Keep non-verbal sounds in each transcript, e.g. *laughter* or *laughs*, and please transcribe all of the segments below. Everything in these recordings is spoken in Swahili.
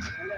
Hello.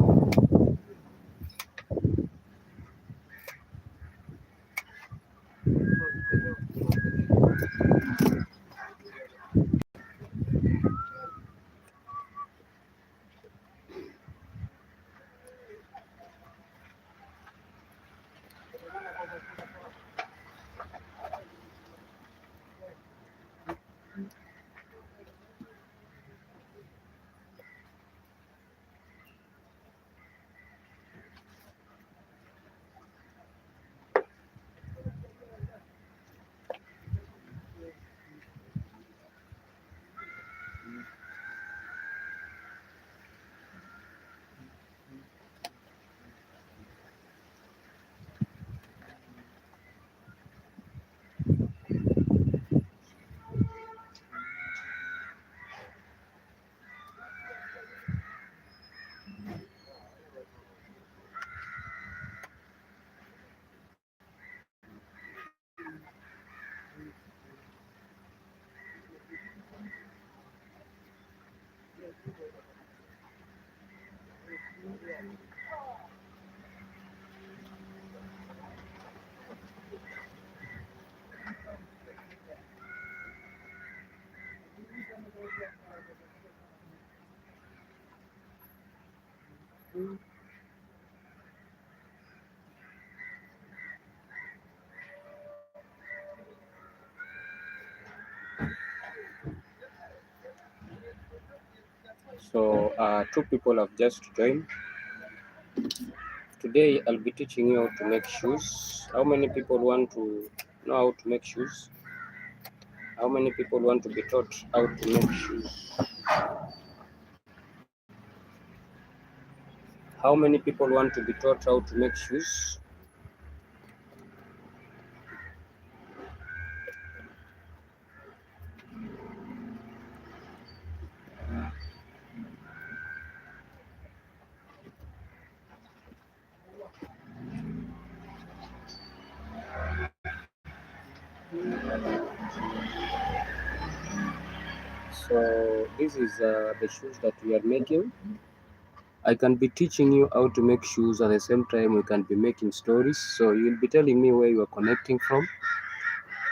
So uh, two people have just joined. Today I'll be teaching you how to make shoes. How many people want to know how to make shoes? How many people want to be taught how to make shoes? How many people want to be taught how to make shoes? so this is uh, the shoes that we are making i can be teaching you how to make shoes at the same time we can be making stories so you'll be telling me where you are connecting from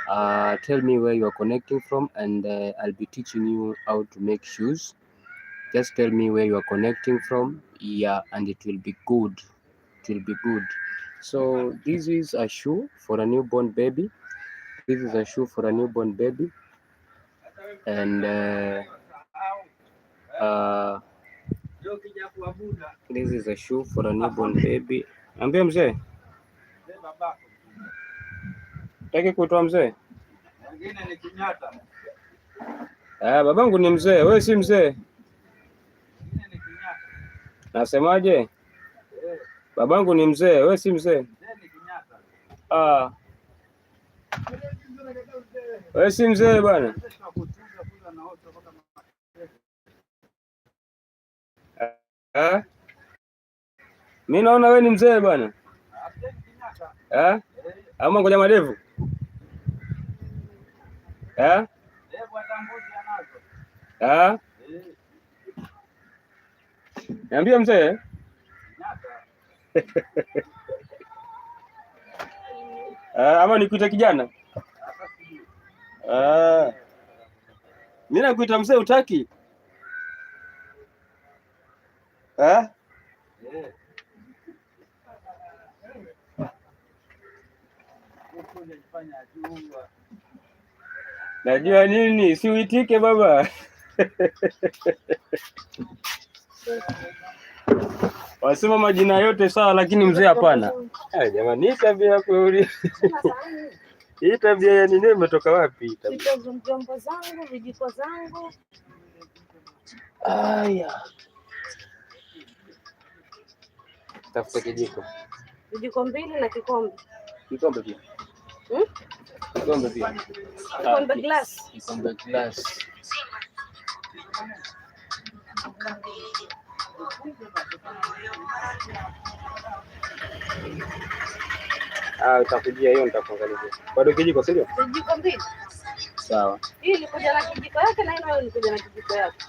uh, tell me where you are connecting from and uh, i'll be teaching you how to make shoes just tell me where you are connecting from yeah and it will be good it will be good so this is a shoe for a newborn baby This is a shoe for a newborn baby. And uh, uh, this is a shoe for a newborn baby. Ambia mzee. Taki kuitwa mzee? Ah, babangu ni mzee, wewe si mzee. Nasemaje? Babangu ni mzee, wewe si mzee. Ah. Uh, we si mzee bwana. Mimi naona wewe ni mzee bwana. Eh? Ama ngoja madevu. Eh? Eh? Niambie mzee. *laughs* Ama nikuite kijana? Ah. Mimi nakuita mzee utaki? Eh? Najua nini, si uitike baba. Wasema majina yote sawa, lakini mzee hapana. Eh, jamani, tabia kweli. *laughs* Hii tabia ya nini imetoka wapi? Vyombo zangu, vijiko zangu. Aya. Tafuta kijiko. Vijiko mbili na kikombe. Kikombe pia. Hmm? Kikombe pia. Kikombe glass. Kikombe glass. Ah, utakujia hiyo nitakuangalizia Bado kijiko sivyo? Kijiko mbili. Sawa. Hii ni na kijiko yake na hii nayo ni na kijiko yake.